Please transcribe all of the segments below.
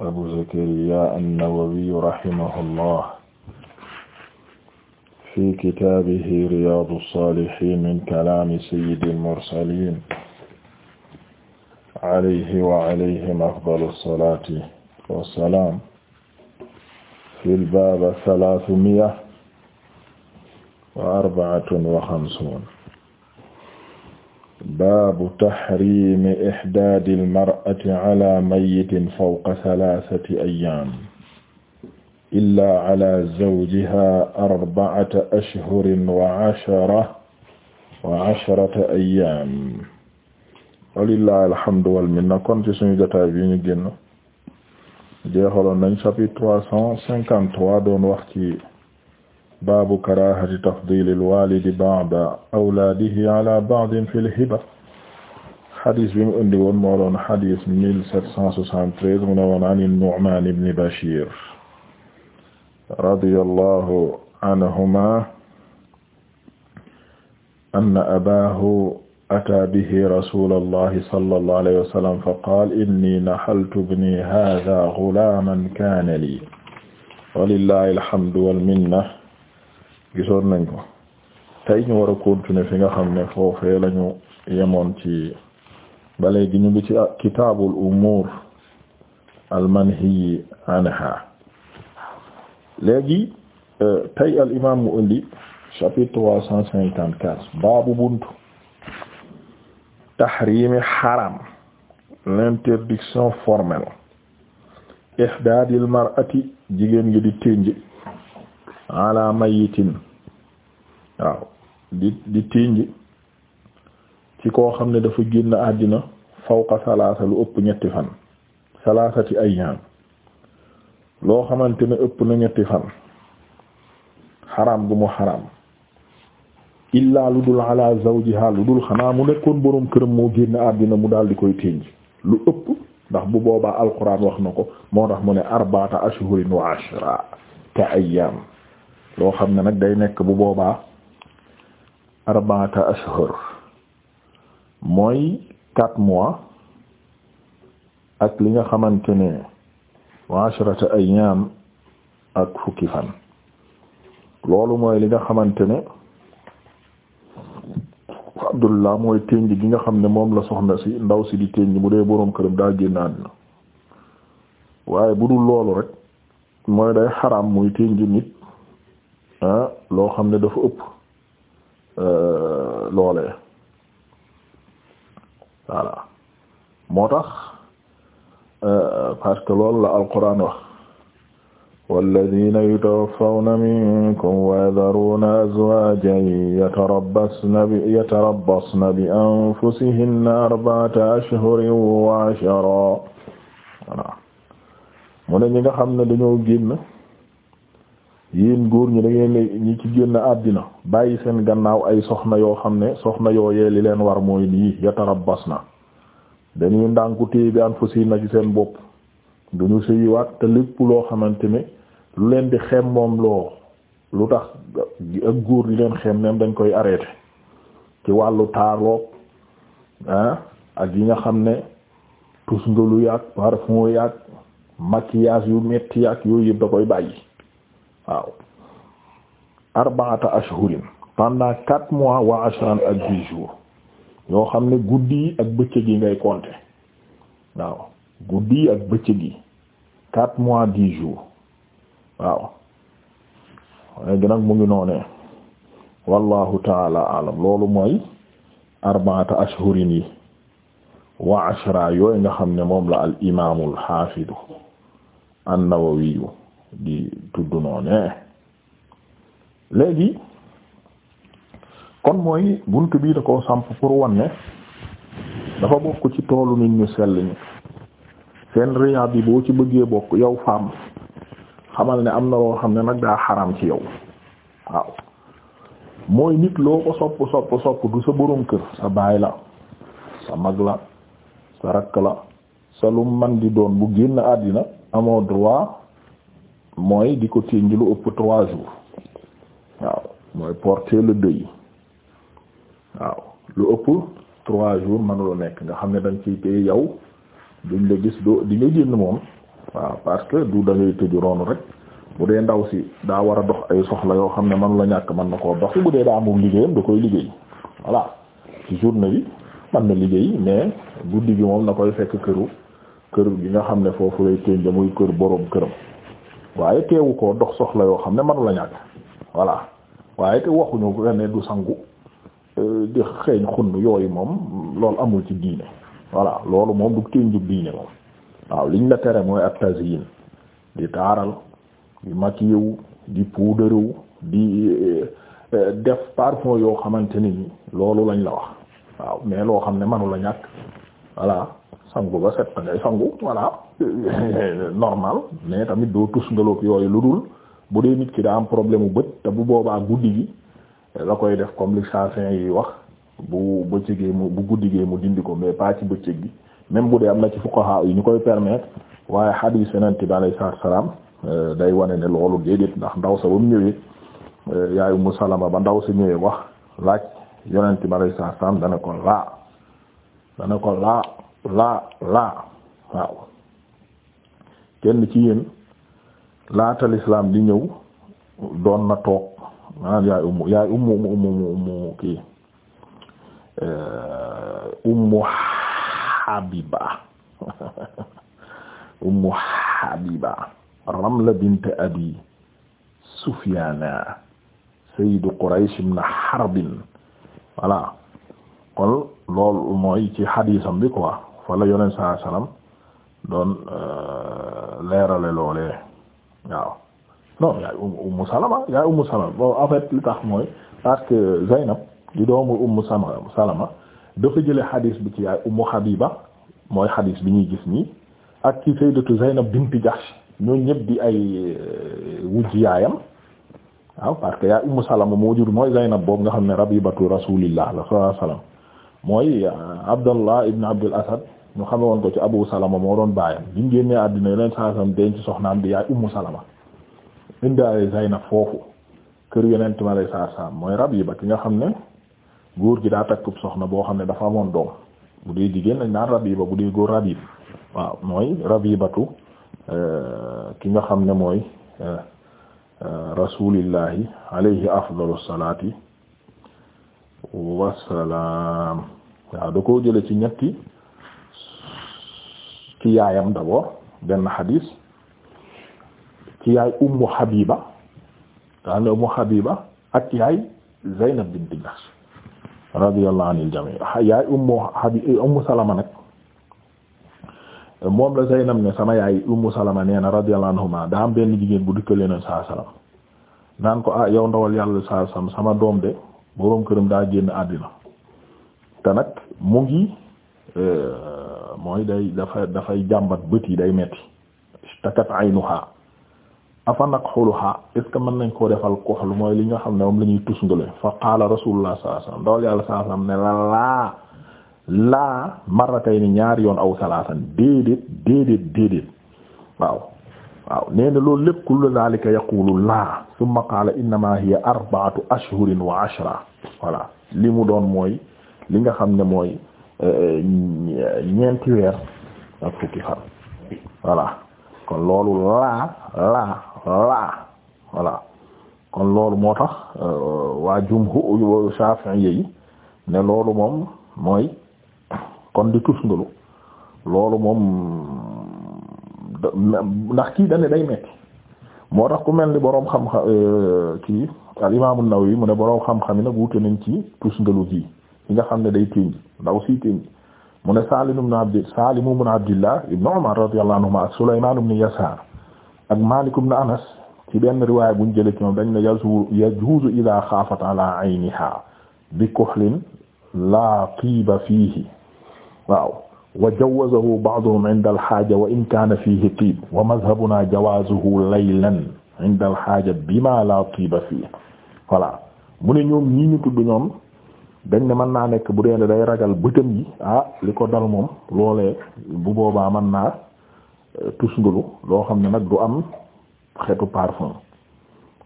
abu zakariya annawawiyu rahimahullah fi kitaabihi riyaadu saalihiin min kalaami sayyidil mursaliin alayhi wa alayhim afdalu salaati wa salaam fil baab salaasumiya wa arba'atun wa xamsuun baabu taxriimi ixdaadil mar'ati ala mayyitin fawqa salaasati ayyaam illaa ala zawjihaa arba'ata ashhurin wa ashara wa asharata ayyaam. walillaahi alhamdu wal minna kon ci suñu jotaay bi ñu génn jeexaloon nañ chapitre trois cent cinquante-trois doon wax ci. baabu karaahati tafdiili al-waalidi ba'da awlaadihi ala ba'din fil hiba xadis bi mu indi woon moo doon xadis mille sept cent soixante-treize mu ne woon an Nu'maan ibn Bashiir radiyallahu anhumaa anna abaahu ataa bihi rasuulullahi sallallahu alayhi wa sallam faqaala innii nahaltu ibnii haazaa ghulaaman kaana lii wa lillaahil hamdu wal minna gisoon nañ ko tey ñu war a fi nga xam ne foofee lañu yemoon ci ba léegi ñu ngi ci kitaabul umuur al manhiyi anha léegi euh, tey al imaam mu indi chapitre trois cent cinquante baabu buntu tahrimi haram l'interdiction formelle ihdaadil mar'ati jigéen gi di tënj ala mayitin waaw di di tinj ci koo xam ne dafa génn àddina fawqa salaasa lu ëpp ñetti fan salaasati ayyaam loo xamante ne ëpp na ñetti fan xaraam bu mu xaram illaa lu dul ala zawjiha lu dul xanaa mu nekkoon boroom këram moo génn àddina mu daal di koy tinj lu ëpp ndax bu boobaa alquran wax na ko moo tax mu ne arbaata ashhurin wa ashra ka ayyaam loo xam ne nag day nekk bu boobaa arbaata ashhur mooy quatre mois ak li nga xamante ne wa ashrata ayyam ak fukki fan loolu mooy li nga xamante ne Abdullah mooy ténj gi nga xam ne moom la soxna si ndaw si di ténj bu dee boroom këram daa génn àddina waaye bu dul loolu rek mooy day xaraam muy ténj nit ah, loo xam ne dafa ëpp Euh, loolee voilà moo tax euh, parce que loolu la alquran wax walladina yutawaffawna minkum wa yadharuna azwajan yatarabbasna bi yatarabbasna bi anfusihinna arba'ata ashhurin wa ashara voilà mu ne ñi nga xam ne dañoo génn yéen góor ñi da ñi ci génn àddina bàyyi seen gannaaw ay soxna yoo xam ne soxna yooyee li leen war mooy nii yatarabbas na dañuy ndànku téye bi na ci seen bopp duñu sëyiwaat te lépp loo xamante ne lu leen di xem moom loo lu tax ak góor di leen xem même dañ koy arrêté ci wàllu taaroo ah, ak yi nga xam ne tus ngalu yaag parfum yaag maquillage yu metti yaag yooyu yëpp da koy bàyyi waaw arbaata ashhurin pendant quatre mois wa ashran ak dix jours yoo xam ne guddi yi ak bëccëg yi ngay compter waaw guddi yi ak bëccëg yi quatre mois di jours waaw léegi nag mu ngi noonee wallahu taala alam loolu mooy arbaata ashhurin yi wa ashra yooyu nga xam ne moom la al imaamul xaafidu an-Nawawi di tudd noone léegi kon mooy bunt bii da koo samp pour wanne dafa bokk ci toolu nit ñu sell ñi seen riyaab bi boo ci bëggee bokk yow femme xamal ne am na loo xam ne nag daa xaram ci yow waaw mooy nit loo ko sopp sopp sopp du sa borom kër sa baay la sa mag la sa rakk la sa lu man di doon bu génn àddina amoo droit mooy di ko ténj lu ëpp trois jours waaw mooy porter le deuil waaw lu ëpp trois jours mënula nekk nga xam ne da nga ciy téye yow duñ la gis doo di nga génn moom waaw parce que du da ngay tëju roonu rek bu dee ndaw si daa war a dox ay soxla yoo xam ne mënula ñàkk mën na koo dox bu dee daa amul liggéeyam da koy liggéey voilà ci journée bi mën na liggéey mais guddi gi moom na koy fekk këru kër gi nga xam ne foofu lay ténj muy kër boroom këram waaye teewu koo dox soxla yoo xam ne manu la ñàkk voilà waaye te waxuñu ne du sangu euh, di xeeñ xunn yooyu moom loolu amul ci diine voilà loolu moom du tënju diine moom waaw liñ la tere mooy ak tazyin di taaral di makiyewu di puudarewu di euh, euh, def parfum yoo xamante ni loolu lañ la wax waaw mais loo xam ne manu la ñàkk voilà sangu ba set da sangu voilà euh, euh, normal mais tamit doo tus ngaloog yooyu lu dul bu dee nit ki daa am problème bu bët te bu boobaa guddi gi la koy def comme li chancin yi wax bu bëccëgee mu bu guddigee mu dindi ko mais pas ci bëccëg gi même bu dee am na ci fuqaha yi ñu koy permettre waaye hadith senante bi alayhi salaam euh, day wane ne loolu déedéet ndax ndaw sa ba mu ñëwee yaay Ummu Salama ba ndaw sa ñëwee wax laaj yonente bi alayhi salaam dana ko laa dana ko laa laa laa waaw kenn ci yéen laata lislaam di ñëw doon na toog maanaam yaay ummu yaay ummu ummu ummu ummu kii eh, ummu habiba ummu habiba ramla bint abi sufyaana sayyidu quraysh ibn harbin voilà kon loolu mooy ci xadiisam bi quoi fa la yonent saa salaam doon euh, leerale loolee waaw non yaay um-, ummu salama yaay ummu salama bon en li tax mooy parce que Zaynab di doomu ummu salama dafa jële xadiis bi ci yaay ummu Habiba mooy xadiis bi ñuy gis nii ak ci sayyidatu Zaynab bint Jahsh ñooñu ñëpp di ay euh, wujj yaayam waaw parce que yaay ummu salama moo jur mooy Zaynab boobu nga xam ne rabibatu rasulillah la sallallahu alayhi mooy euh, Abdallah ibn Abdul Asad ñu xame woon ko ci Abu Salama moo doon baayam bi mu génnee àddina yeneen saa sam denc soxnaam di yaay Ummu Salama indaale na foofu kër yeneen ma lay saa saam mooy rab yi ba ki nga xam ne góor gi daa takkub soxna boo xam ne dafa amoon doom bu rab yi ba bu góor rab yi waaw mooy rab yi batu euh, ki nga xam ne mooy euh, euh, rasulillahi alayhi afdalu salaati wassalaam waaw da ko jële ci ñetti ci yaayam d'abord benn xadiis ci yaay ummu Habiba daa ne ummu Habiba ak yaay Zaynab bint Jahsh radiyallahu anil jami yaay ummu Habiba ummu Salama nag moom la Zaynab ne sama yaay ummu Salama nee na radiyallahu anhuma daa am benn jigéen bu dikkalee na naan ko ah yow ndawal yàlla saa salaam sama doom de boroom këram daa génn àddina te nag mu ngi. Euh, mooy day dafa dafay jàmbat bët yi day metti takat aynuha afa naqxuluha est ce que mën nañ koo defal koxlu mooy li nga xam ne moom la ñuy tusngale fa qaala rasulullah la laa laa marratayni ñaari yoon aw salaasan déedéet déedéet déedéet waaw waaw nee loolu lépp kullu dhalika yaqulu laa thumma qaala innama hiya arba'atu ashhurin wa ashra voilà li mu doon mooy li nga xam ne mooy Euh, ñeenti weer ak fukki fan voilà kon loolu laa laa laa voilà kon loolu moo tax euh, waa jumhu Shafi'i yi ne loolu moom mooy kon di tusngalu loolu moom ndax kii dane day metti moo tax ku mel ni boroom xam-xam euh, kii al imaamu Nawawi mu ne boroom xam-xam yi nag wute nañ ci tusngalu gi ki nga xam ne day ténj ndaw si ténj mu ne Salim ibn Abdi Salim ibn Abdillah ibn Umar radiyallahu anhuma ak Sulayman ibn Yasar ak Malik ibn Anas ci benn riwaay buñ jëlee ci moom dañ ne yazu yajuzu ila xaafat ala ayniha bi kuhlin la tiiba fiihi waaw wa jawazahu ba'duhum 'inda al-haaja wa in kaana fiihi tiib wa madhabuna jawaazuhu laylan 'inda al-haaja bima la tiiba fiihi voilà mu ne ñoom ñii ñu tudd ñoom dañ ne mën naa nekk bu dee ne day ragal bëtam yi ah li ko dal moom loolee bu boobaa man naa euh, tusngulu loo xam ne nag du am xetu parfum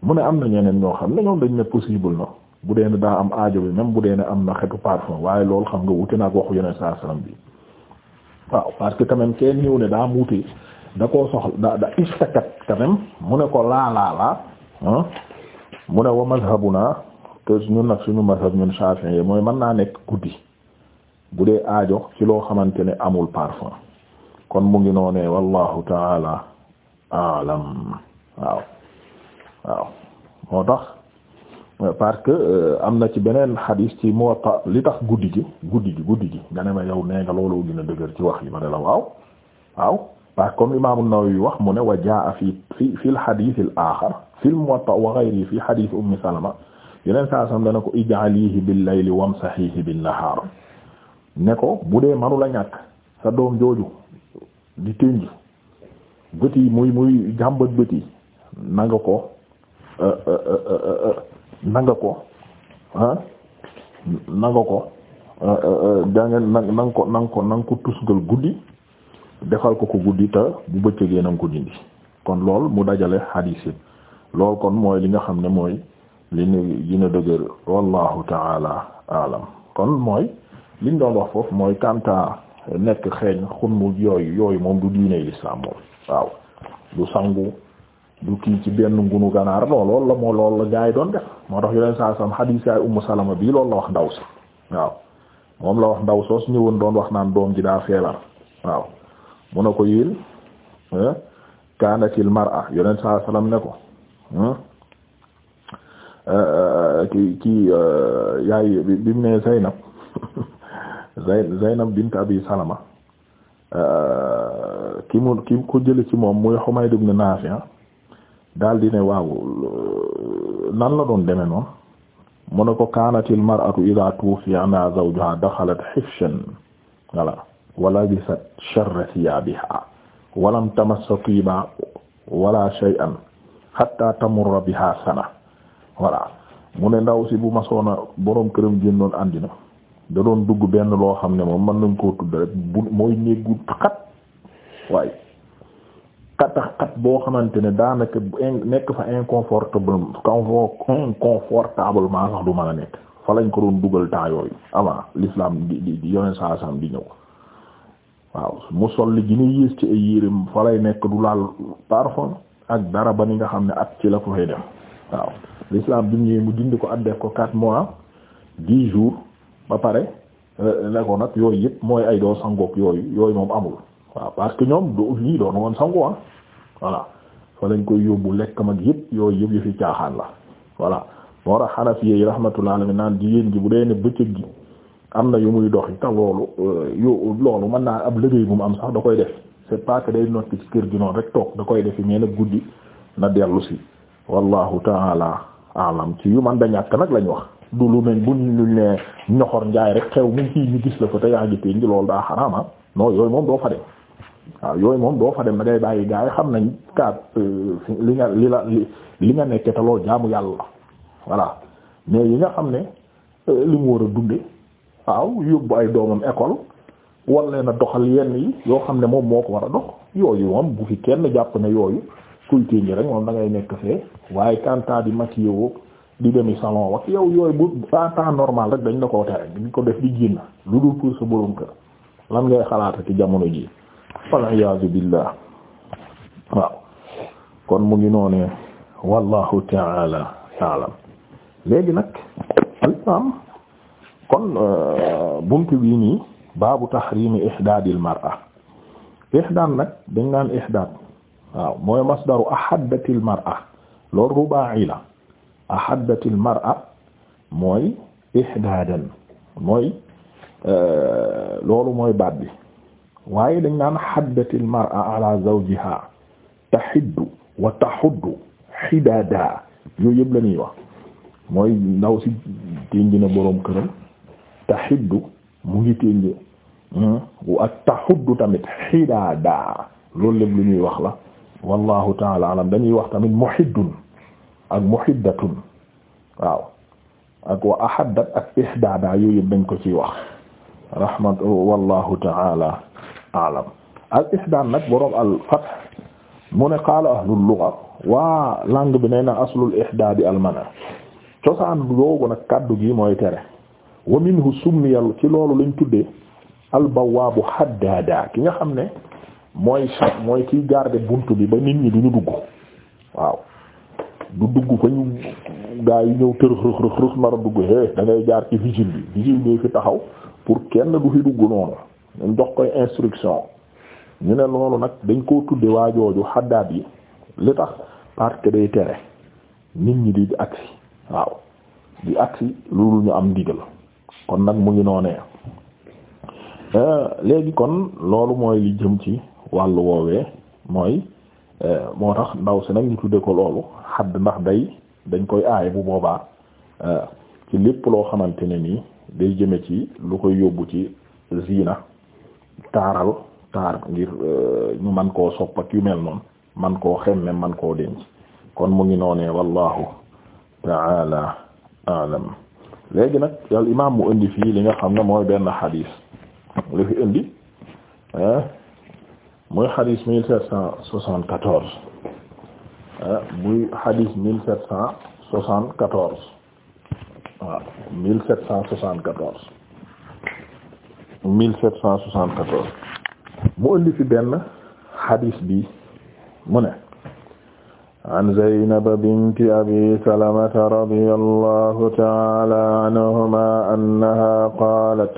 mu ne am na ñeneen ñoo xam ne ñoom dañ ne possible na bu dee ne daa am ajo bi même bu dee ne am na xetu parfum waaye loolu xam nga wuute na ak waxu yeneen saa salaam bi waaw parce que quand même kenn ñëw ne daa muute da koo soxla da da istakat quand mu ne ko laa laa laa ah, mu ne wa naa te ñun nag suñu masab ñun yi mooy mën naa nekk guddi bu dee aajo ci loo xamante ne amul parfum kon mu ngi noonee wallahu taala alam waaw waaw moo tax parce que euh, am na ci beneen xadiis ci Muwatta li tax guddi ji guddi ji guddi ji nga ne ma yow nee nga looloo gën a dëgër ci wax yi ma ne la waaw waaw parce que comme Imaam An-Nawawi wax mu ne wa jaa fi fi fi al xadiis al aaxar wa ghayri fi xadiis Ummi Salama yeneen saa sam dana ko ij'alihi bil layli wamsahihi bin nahar ne ko bu dee manu la ñàkk sa doom jooju di tënj bët muy muy jàmbat bët yi ko euh, euh, euh, na ko ah na ko jànge na nga ko na ko na nga guddi defal ko ko guddi te bu bëccëgee na nga ko dindi kon lool mu dajale hadith yi lool kon mooy li nga xam ne mooy li ni dina dëgër wallahu taala alam kon mooy liñ doon wax foofu mooy kanta nekk xeeñ xunmu yooyu yooyu moom du diine l'islam moom waaw du sangu du kii ci benn ngunu ganaar non loolu la moo loolu la gaa yi doon def moo tax yeneen saa sam xadiis yaay ummu salama bii loolu la wax ndaw si waaw moom la wax ndaw soos ñëwoon doon wax naan doom ji daa feebar waaw mun na ko yéen eh, kaanatil mar'a yeneen saa salam ne ko hmm? ki ki euh, yaay bi mu ne Zaynab bint Abi Salama euh, ki mu ki ko jële ci moom muy Humayd ibn Nafi' ah, daal di ne waaw euh, la doon deme noonu mu ko kaanatil mar'atu idha tuwuffiya anha zawjuha dakhalat hifshan wala wa labisat sharra thiyabiha wa lam tamassa wala shay'an hatta tamurra biha sana voilà mu ne ndaw si bu masoona borom këram génnoon àndina da doon dugg benn loo xam ne moom mën nañ koo tudd rek bu mooy néegu xat waaye xatax xat boo xamante ne daanaka nekk fa inconfortable inconfortablement lañ ko doon dugal temps yooyu avant l'islam di di yoneen saa sam di ñëw waaw mu sol li gëna yées ci ay yéreem fa lay nekk du laal parfum ak dara ba ni nga xam ne at ci la ko fay dem waaw l'islam bi ñëwee mu dindi ko àndeef ko quatre mois dix jour ba pare euh, ne nag yooyu yëpp mooy ay doo sangook yooyu yooyu moom amul waaw parce que ñoom du lii doo woon sangu ah voilà fa lañ koy yóbbu lekk mag yëpp yooyu yëpp yu fi caaxaan la voilà moo rax Hanafi yi rahmatullah alayhi naan jigéen ji bu dee ne bëccëg gi am na yu muy doxi te loolu euh, yu loolu mën naa ab liggéey bu mu am sax da koy def c'est pas que day nokk ci kër gi noonu rek toog da koy defi mais nag guddi na dellu si wallahu taala alam ci yu man da ñàkk nag lañ wax du lu nañ buñ luñ ne ñoxor njaay rek xew mu fii ñu gis la ko te yaa ngi pénji loolu daa xaraama ah. non yooyu moom doo fa dem waaw yooyu moom doo fa dem da ngay xam nañ euh, li la li nga nekke te loolu yàlla la voilà mais yi nga xam ne euh, li mu war a dunde waaw ay doomam école wala doxal yenn yi yoo xam ne moom moo ko war a dox yooyu moom bu fi kenn jàpp ne yooyu kuy ténj rek moom da ngay nekk fee waaye kantaa di maquillé woo di demi salon wax yow yooyu bu en temps normal rek dañ la ko tere di ko def di génn lu dul pour sa borom kër lan ngay xalaata ci jamono ji wal iyaazu billah waaw kon mu ngi noone wallahu taala alam léegi nag kon euh, bunt bi nii baabu tahrimi ihdaadil mar'a ihdaan nag dañ naan ihdaad waaw mooy masdaru ahaddatil mar'a loolu rubaa'i la ahaddatil mar'a mooy ihdaadan mooy euh, loolu mooy baat bi waaye dañ naan haddatil mar'a ala zawjiha tahiddu wa tahuddu hidaada yooyu yëpp la ñuy mooy ndaw si ténji na boroom këram tahiddu mu ngi ténji hmm, wa tahuddu tamit hidaada loolu lépp lu ñuy wax la wallahu taala alam dañuy wax tamit muhiddun ak muhiddatun waaw ak wa ahaddat ak ihdada yooyu dañ ko ciy wax rahmat wallahu taala alam al ihdaad nag boroom al fath mu ne qaala lugha waa langue bi nee na aslul ihdaadi al mana cosaan loogu nag kaddu gi mooy tere wa minhu summiyal ci loolu lañ tuddee al bawaabu haddaada ki nga xam ne mooy chaque mooy kiy garder bunt bi ba nit ñi du dugg waaw du dugg fa ñu gaa yi ñëw tërëx rëx rëx rëx nar a dugg é da ngay ci vigile bi vigile bi fi taxaw pour kenn du fi dugg noonu ñu jox koy instruction ñu ne loolu nag dañ koo tudde waa jooju xaddaat yi li tax parce que day tere nit ñi di agsi waaw di agsi loolu ñu am ndigal kon nag mu ngi noonee léegi kon loolu mooy li jëm ci wàllu woowee mooy euh, moo tax ndaw si nag ñu tudde ko loolu xadd ndax day dañ koy aay bu boobaa euh, ci lépp loo xamante ne nii day jëme ci lu koy yóbbu ci zina taaral taar ngir euh, ñu man koo sopp ak yu mel noonu man koo xemme man koo denc kon mu ngi noonee wallahu taala alam léegi nag al imaam mu indi fii li nga xam ne mooy benn xadiis lu fi indi muy xadis mille sept cent soixante quatorze ah, muy xadis mille sept cent soixante quatorze waaw ah, mille sept cent soixante quatorze mille sept cent soixante quatorze mu indi fi benn xadis bi mu ne an Zaynab binti Abi Salamata radiyallahu ta'ala anhuma annaha qalat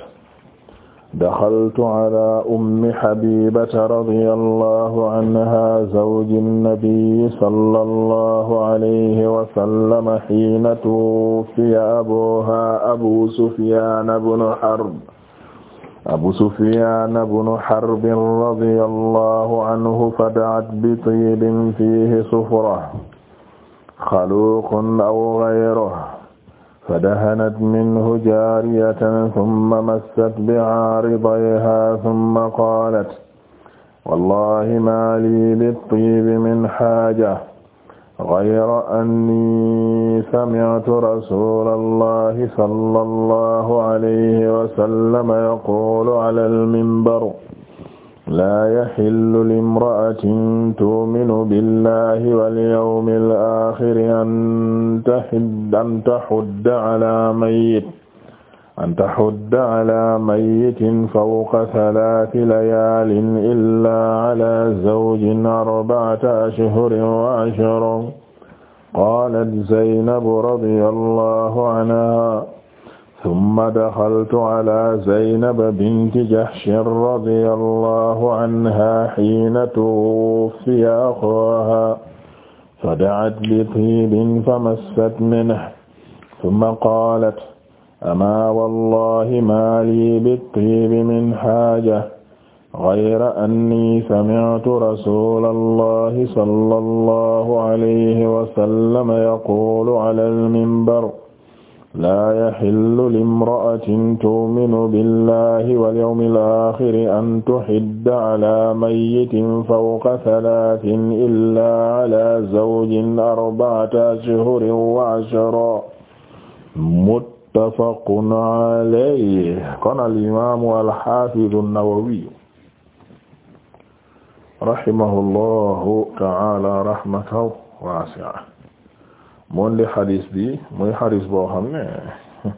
daxaltu ala ummi Habibata radiyallahu anha zawji nabi sallallahu alayhi wa sallam hiina tuwuffiya abuha abu Sufyaan ibnu Harb abu Sufyaan ibnu Harb radiyallahu anhu fada'at bitiibin fiihi sufratun xaluuqun aw ghayruhu fadahanat minhu jaariyatan summa massat bihaa ridayhaa summa qaalat wallahi maa lii bit-tiibi min haaja ghayra annii sami'tu rasuulallahi sallallahu alayhi wa sallam yaquulu alal minbar laa yaxillu limra'atin tu'minu billahi wal yawmil aaxiri an tahidda an tahudda alaa mayyit an tahudda alaa mayyitin fawqa salaasi layaalin illaa alaa zawjin arba'ata ashhurin wa ashran qaalat Zaynab radiyallaahu anhaa summa daxaltu ala zaynab binti jahshin radiyallahu anha hiina tuwuffiya axaaha fada'at bitiibin famassat minhu summa qaalat amaa wallaahi maa lii bitiibi min haaja gayra annii sami'tu rasuulallahi sallallahu alayhi wa sallam yaquulu alal minbar laa yaxillu limra'atin tu'minu billahi wal yawmil aaxiri an tuhidda calaa mayyitin fawqa salaasin illaa calaa zawjin arbacata ashhurin wa cashra muttafaqun calayhi kon al-imaamu al-xaafidu an-nawawiyu rahimahu llaahu tacaala rahmatan waasica moon di xadis bi muy xadis boo xam ne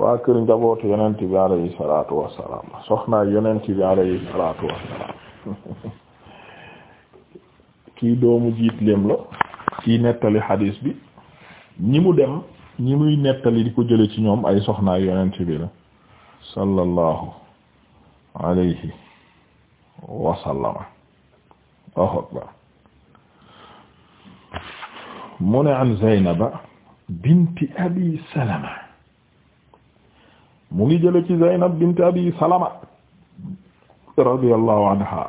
waa kër njabootu yonent bi alayhi salaatu wassalaam soxna yonent bi alayhi salaatu wassalaam kii doomu jiit lem la kii nettali xadis bi ñi mu dem ñi muy nettali di ko jële ci ñoom ay soxna yonent bi la sallallahu alayhi wasallama waxot ba mu ne an Zaynaba binti Abi Salama mu ngi jële ci Zaynab binti Abi Salama radiyallahu anha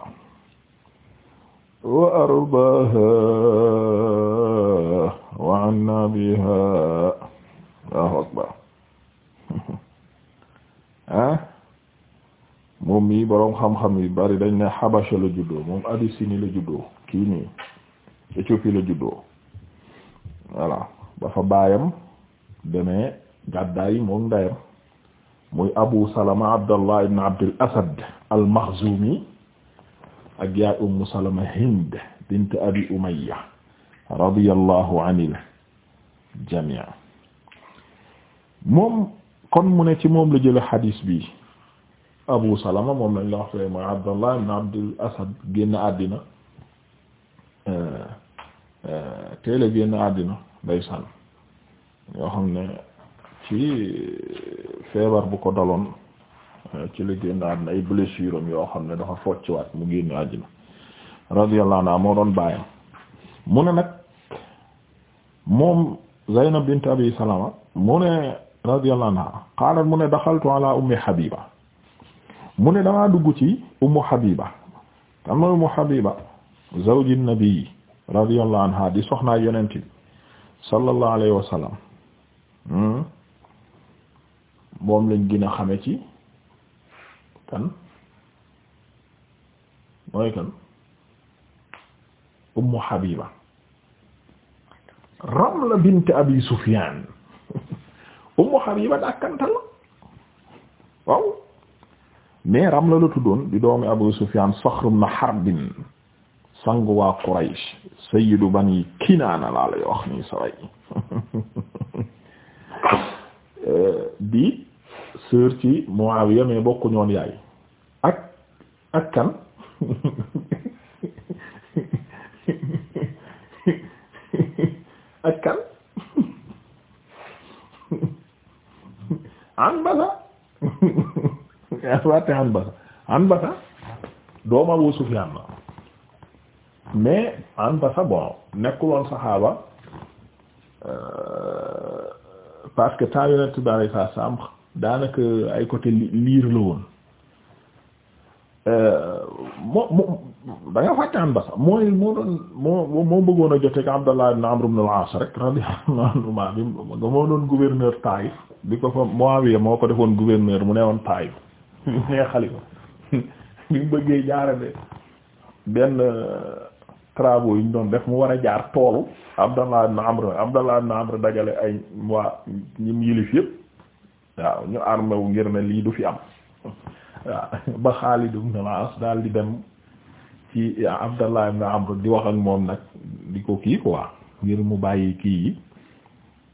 wa ardaaha wa an abiha Allahu akbar ah moom mii boroom xam-xam yi bari dañ ne Habasha la juddoo moom Abyssinie la juddoo kii nii Éthiopie la juddoo voilà ba fa baayam demee gàddaay moom ndeyam muy abu salama abdallah ibn abdul asad al maxzumi ak yaay ummu salama hind bint abi umayya radiyallahu anil jamii moom kon mu ne ci moom la jële xadiis bi abu salama moom lañ la wax fee mooy abdallah ibn abdul asad génn àddina Euh, teel a génn àddina ndeysaan yoo xam ne ci feebar bu ko daloon euh, ci la génn àddina yoo xam ne dafa focciwaat mu génn àddina radiyallahu anha moo doon bàyyam mu ne nag moom Zaynab bint Abi Salama mu ne radiyallahu anha mu ne daxaltu ala ummi Habiba mu ne damaa dugg ci ummu Habiba am na ummu Habiba zawji nabi radiyallahu anha di soxnaa yonent bi sallallahu alayhi wa sallam hmm? moom lañ gën a xame ci kan mooy kan ummu habiba ramla bint abi sufyan ummu habiba daa kantal ramla la tuddoon di doomi abu sufyan saxr ibn harbin sangu waa Quraysh sayyidu bani Kinaana laa lay wax nii saway di sœur ci Muawiya mais bokku ñoon yaay ak ak kan ak kan Anbasa Anbasa Anbasa doom Abu la mais Anta sax bon nekkuloon saxaaba euh, parce que temps yonent bi alayhi salaam daanaka ay côté liir la woon euh, moo moo da nga fàtte an mooy moo doon moo bëggoon a jotee ak Abdallah ibn Amr ibn al-As rek radiyallahu anhu ma bi nga moo doon gouverneur Taïf bi ko fa Muawiya moo ko defoon gouverneur mu ne woon Taïf nee xalifa bi mu bëggee jaarale benn travaux yi ñu doon def mu war a jaar toolu Abdallah ibn Amr Abdallah ibn Amr dajale ay waa ñim yilif yëpp waaw ñu armé wu ngir ne lii du fi am waaw ba Xaalid ibn al-As daal di dem ci Abdallah ibn Amr di wax ak moom nag di ko kii quoi ngir mu bàyyi kii yi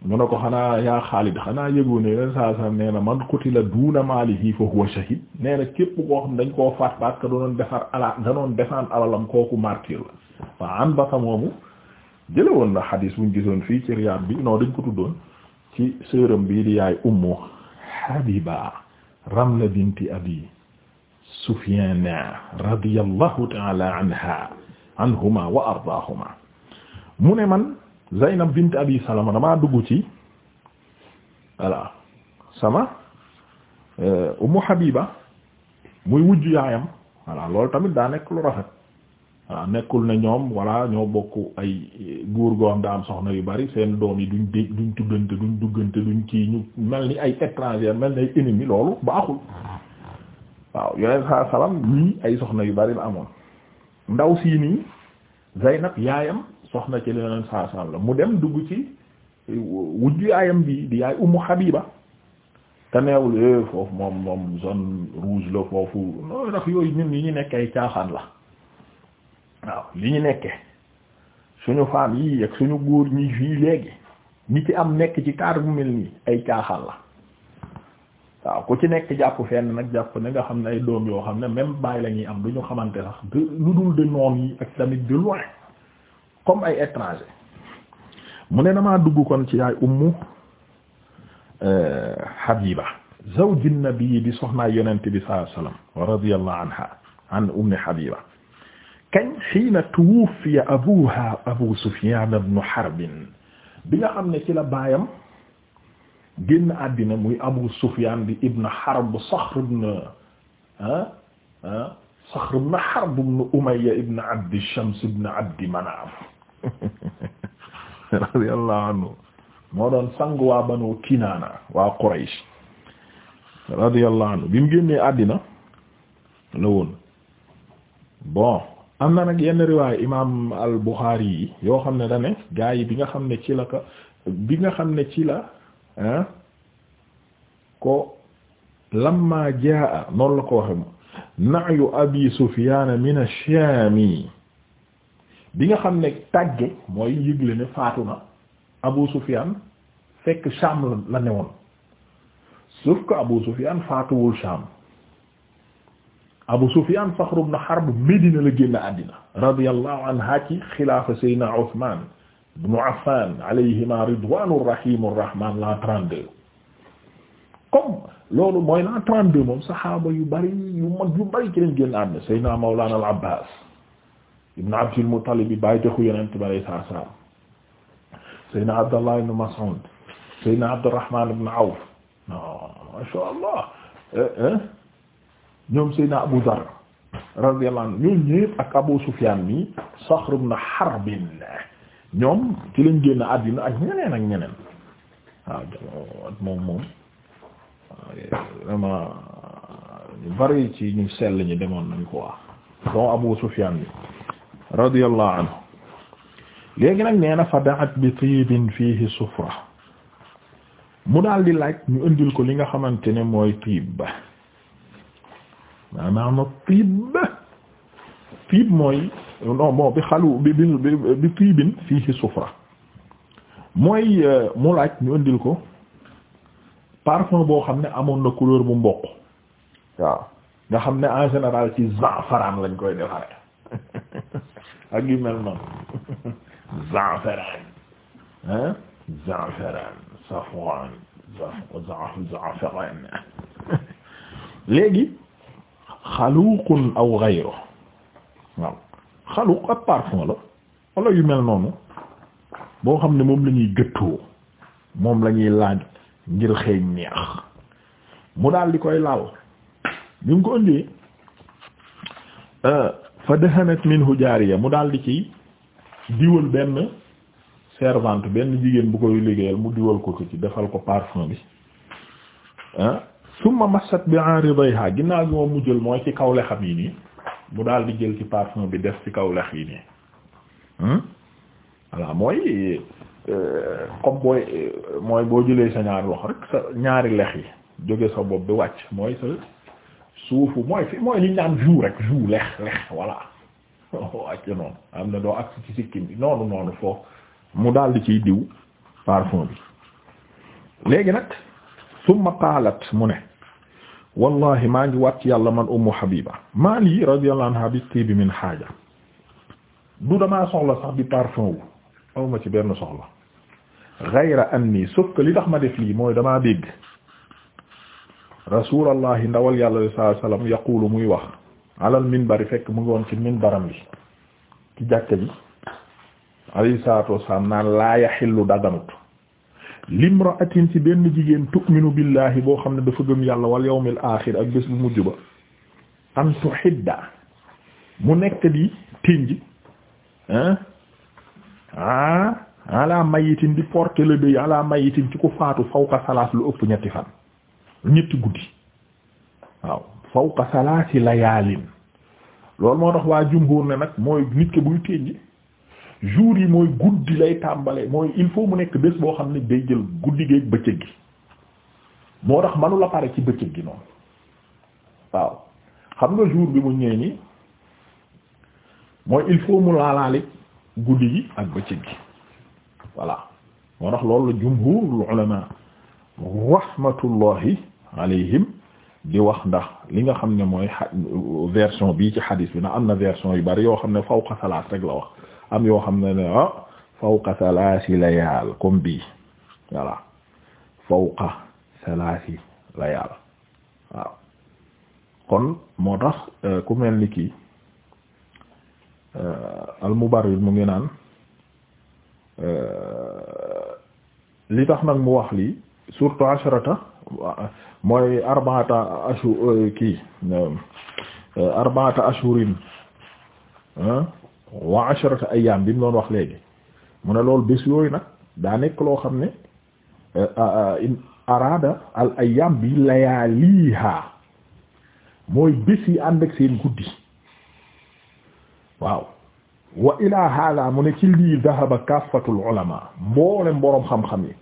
mu ne ko xanaa yaa Xaalid xanaa yëgoo ne leen saa saa nee na man qutila duuna maalihi fa huwa shahid nee na képp koo xam dañ koo faat parce que danoon defar ala danoon defaan alalam kooku martyr waaw an bata moomu jële woon na xadiis buñ gisoon fii ci Riyaad bi non dañ ko tuddoon ci sërëm bii di ay Ummu Habiba Ramla binti Abi Sufyaan radiyallahu ta'ala anha anhuma wa ardaahuma mu ne man Zaynab bint Abi Salama damaa dugg ci voilà sama euh, Ummu Habiba muy wujju yaayam voilà loolu tamit daa nekk lu rafet waaw nekkul ne ñoom walla ñoo bokk ay góor goo am soxna yu bari seen doom yi duñ dégg duñ duggante duñ kii ñu mel ni ay étranger mel ni ay loolu baaxul waaw soxna yu bari la amoon ndaw sii nii Zaynab yaayam soxna ci leneen saa salaam la mu dem dugg ci eh, wujj yaayam bi di yaay Ummu Habiba te neewul eh, foofu moom moom zone rouge la foofu non ndax yooyu ñun yi nekk ay caaxaan la waaw li ñu nekke suñu femme yii ak suñu góor ñi fii léegi ñi am nekk ci cadre bu nii ay caaxal la waaw ku ci nekk jàpp fenn nag jàpp ne nga xam ne ay doom yoo xam ne même bàyyi lañuy am du ñu xamante sax de lu dul de noon yi ak tamit de loin comme ay étranger mu ne damaa dugg kon ci yaay ummu euh, Habiba zawjin nabi di soxnaa yonent bi sallallahu alayhi wasallam wa radiyallahu anha an ummi Habiba kañ xiina tuwuffiya abuha abu sufyan ibn harb bi nga xam ne ci la baayam génn àddina muy abu sufyan di ibn harb saxr ibn ah ah saxr ibn harb ibn umayya ibn abd shams ibn abd manaf radiyallahu anhu moo doon sang waa banu kinaana waa quraysh radiyallahu anhu bi mu génnee àddina la woon bon am na nag yenn riwaay imaam al Buxaari yi yoo xam ne da ne gaa yi bi nga xam ne ci la bi nga xam ne ci la ah ko lamma jaa noonu la ko waxe ma na'yu abi Sufyaan min ash-Shaam bi nga xam ne tàgge mooy yëgle ne faatu na Abu Sufyaan fekk Shaam la ne woon sauf que Abu Sufyaan faatuwul Shaam Abu Sufyan Saxr ibn Harb Medina la génn àddina radiyallahu anha ci xilaafa Seydina Usmaan ibn Affaan alayhima ridwaanur rahiimur rahmaan la 32 comme loolu mooy la 32 moom saxaaba yu bari yu mag yu bari ci lañ génn àddina Seydina Mawlaana al-Abbaas ibn Abdil Muttalib bi bàyyi taxu Yonent bi alayhi salaatu salaam Seydina Abdallah ibn Mas'uud Seydina Abdurrahmaan ibn Awf masha Allah eh, eh? ñoom Seydina Abu Dhar radiyallahu anhu ñoom ñépp ak Abu Sufyan mi Saxr ibn Harb ñoom ci lañ génn àddina ak ñeneen ak ñeneen waaw moom moom bari ci ñu sell ñi demoon nañ ko waa don Abu Sufyan bi radiyallahu anhu léegi nag nee fa da'at bi tibin fihi sufra mu daal di laaj ñu indil ko li nga xamante ne mooy tiib ba maanaam tiib tiib mooy non bi xalu bi bi bi tiibin fii ci sufra mooy euh, mu laaj ñu indil ko parfum boo xam ne amoon na couleur bu mboq waaw nga xam ne en général ci zaafaraan lañ koy defaree ak yu mel noonu zaafaraan hein zaafaraan safwaan zaafaraan léegi xaluqun aw ghayru waaw xaluq ak parfum la wala yu mel noonu boo xam ne moom lañuy ñuy gëttoo moom lañuy ñuy laaj ngir xëeñ neex mu daal koy laal bi mu ko ëndee euh, fa dahanat minhu jaariya mu daal di ci diwal benn servante benn jigéen bu koy liggéeyal mu diwal ko ko ci defal ko parfum bi summa massat bi aridayha ginnaaw gi moom mu jël mooy ci kaw lexam yi nii mu daal di jël ci parfum bi def ci kaw lex yi nii hmm? voilà mooy euh, comme booy euh, mooy boo jëlee sa ñaari loxo rek sa ñaari lex yi jóge sa bopp bi wàcc mooy sa suufu mooy fi mooy liñ naan joue rek joue lex lex voilà wàcc noonu am na doo ak ci sikkim bi noonu noonu foofu mu daal di ciy diw parfum bi léegi nag summa qaalat mu ne wallahi maa ngi waat ci yàlla man ummu habiba maa lii radiyallahu anha bi tiibi min xaaja du damaa soxla sax bi parfum wu awma ci benn soxla ghayra anni sauf li tax ma def lii mooy damaa dégg rasulallahi ndawal yàlla sallallahu alayhi wasallam muy wax alal minbari fekk mu ngi ci minbaram bi ci jàkka ji alayhi salaatu naan laa yaxillu daganut limra'atin ci benn jigéen tu'minu billahi boo xam ne dafa gëm yàlla wal yawmil aaxir ak bés bu mujj ba an tuhidda mu nekk di tinj ah ah ala mayitin di porter le deuil ala mayitin ci ku faatu fawqa salaas lu ëpp ñetti fan ñetti guddi waaw fawqa salaasi layaalin loolu moo tax waa jumhur ne nag mooy nit ki buy tinj jours yi mooy guddi lay tàmbale mooy il faut mu nekk bés boo xam ne day jël guddi géeg bëccëg gi moo tax manu pare ci bëccëg gi noonu waaw xam nga jour bi mu ñëwee nii mooy il faut mu laalaale guddi gi ak bëccëg gi voilà moo tax loolu la jumhurul ulama rahmatullahi alayhim di wax ndax li nga xam ne mooy version bii ci hadis bi na am na version yu bari yoo xam ne fawqa salaat rek la wax am yoo xam ne ne ah fawqa salaasi layaal comme bii voilà fawqa salaasi kon moo tax euh, ku mel ni kii euh, al mubarrid mu ngi naan euh, li tax nag mu wax lii surtout asharata mooy arbaata ashurin wa asharata ayyam bi mu doon wax léegi mu ne loolu bés yooyu nag daa nekk loo xam ne euh, euh, euh, in araada al ayyam bi layaaliha mooy bés yi ànd ak seen guddi waaw wa ilaa haala mu ne ci lii dahaba kaffatul ulama mboolem boroom xam-xam yi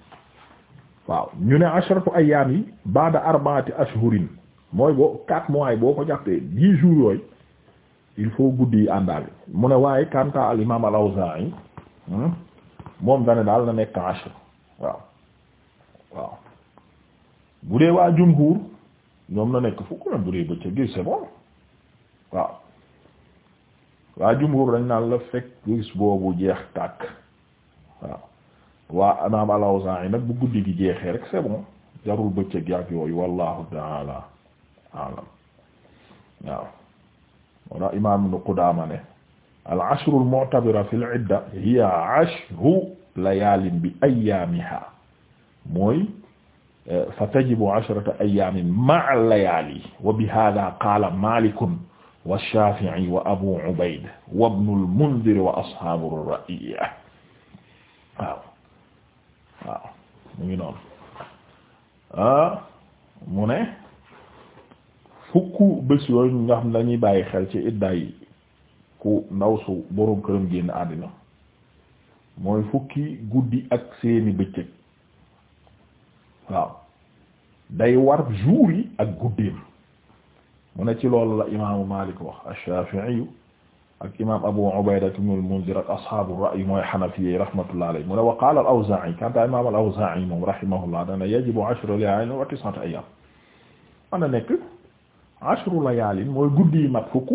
waaw ñu ne asharatu ayyam yi ba'da arba'ati ashhurin mooy boo quatre mois yi boo ko jàppee dix jours yooyu il faut guddi yi àndaale mu ne waaye kanta al imam al-Awzaa'i hmm, moom dane daal na nekk ashr waaw waaw bu dee waa jumhur ñoom na nekk fukk na bu dee bëccëg gi c'est bon waaw waa jumhur dañ naan la fekk boobu jeex tàkk waaw waa imam al-Awzaa'i nag bu guddi gi jeexee rek c'est jarul bëccëg gi ak wallahu ta'ala a'lam waaw wala imam ibn Qudama ne al ashru al mu'tabira fi al idda hiya ashru layaalin bi ayaamiha mooy eh, fa tajibu ashrata ayaamin ma'a layaali wa bi haadaa qaala Maalikun wa Shaafi'i wa Abu Ubayd wa Ibnul Munzir wa ashaabu ra'yi waaw waaw mu ngi noonu ah mu ne fukk bés yooyu ñu nga xam bàyyi xel ci idda yi ku ndaw su boroom këram génn àddina mooy fukki guddi ak seeni bëccëg day war jour ak guddeem mu ne ci loolu la imaamu Maalik wax ash-Shaafi'i ak imaam Abu Ubayda ibn al-Munzir ak ashaabu ra'y mooy a rahmatullahi alayhi mu ne wa qaala al-Awzaa'i kanta imaam al-Awzaa'i moom rahimahullah dana yajibu ashru layaalin wa tis'atu a nekk ashru layaalin mooy guddi yi mat fukk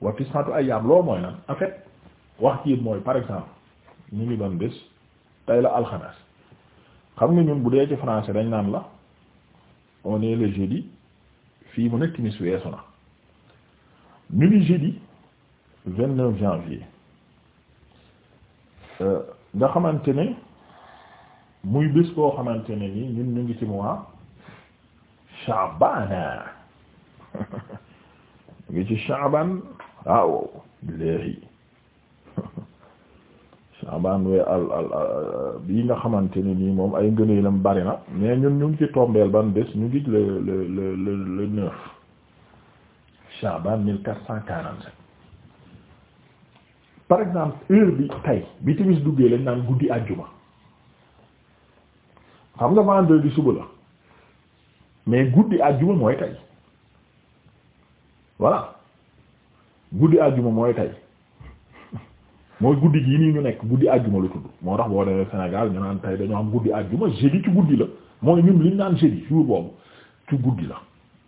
wa tis'atu ayyaam loolu mooy lan en fait wax ci mooy par exemple ñu ngi doon bés tey la alxames xam nga ñun bu dee ci français dañ naan la on est jeudi fii mu ne timis weesu na ñu ngi jeudi vingt neuf janvier euh, nga xamante ne muy bés boo xamante ne nii ñun ñu ngi ci mois. Sha'bana ngi ci Sha'ban waaw léegi Sha'ban we al al bii nga xamante ni nii moom ay ngëneelam bari na mais ñun ñu ngi ci tombeel ban bés ñu ngi le le le le le neuf Sha'ban quatre cent quarante par exemple heure bi tay bi timis duggee lañ naan guddi àjjuma xam nga vendredi suba la mais guddi àjjuma mooy tey voilà guddi àjjuma mooy tey mooy guddi gii nii ñu nekk guddi àjjuma lu tudd moo tax boo demee Sénégal ñu naan tey dañoo am guddi àjjuma jeudi ci guddi la mooy ñun liñ naan jeudi jour boobu ci guddi la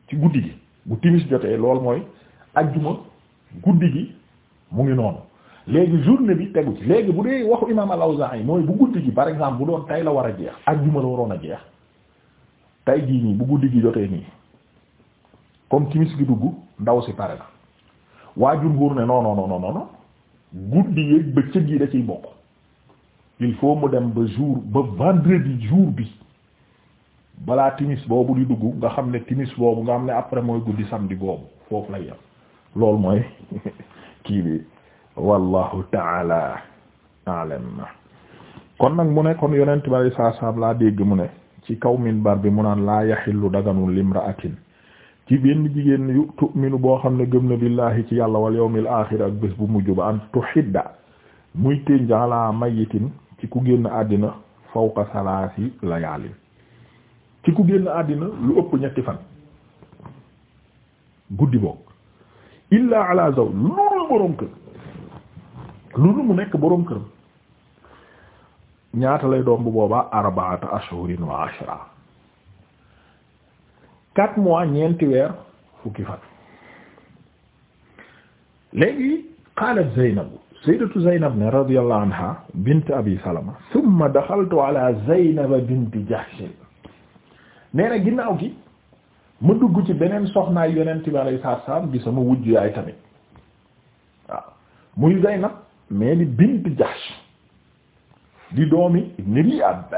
ci guddi gi bu timis jotee lool mooy àjjuma guddi gi mu ngi noonu léegi journée bi tegu ci léegi bu dee waxu imam al-Awzaa'i mooy bu guddi gi par exemple bu doon tey la war a jeex àjjuma la waroon a jeex tay gii nii bu guddi gi jotee nii comme timis gi dugg ndaw si pare la waa jumhur ne non non non non non yi da ciy bokk il faut mu dem ba jour ba vendredi jour bi balaa timis boobu di dugg nga xam ne timis boobu nga xam ne après mooy guddi samedi boobu foofu lay yam loolu mooy kii bi wallahu taala alam kon nag mu ne kon yonent bi sallallahu alayhi laa dégg mu ne ci kaw minbar bi mu naan laa yaxillu daganul limraatin ci benn jigéen yu tu'minu boo xam ne gëm na billahi ci yàlla wal yawmil ak bés bu mujj ba an tuhidda muy tënj ala mayitin ci ku génn àddina fawqa salaasi layaalin ci ku génn àddina lu ëpp ñetti fan guddi boog illa ala zaw lu dul lu mu nekk borom kër ñaata lay doon bu boobaa arbaata ashhurin wa ashra quatre mois ñeenti weer fukki fan léegi qaalat Zeynabu sayyidatu Zeynab ne radiyallahu anha bint Abi Salama thumma daxaltu ala Zeynab bint Jahsh nee ginnaaw gi ma dugg ci beneen soxnaay yonent bi alayhi salaatu salaam bi sama wujj yaay tamit waaw muy Zeynab mais di bint Jahsh di doomi ibn Riyab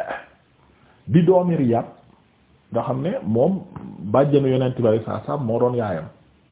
di doomi Riyab nga xam ne moom bàjjanu yonent bi sallallahu alayhi wasallam moo doon yaayam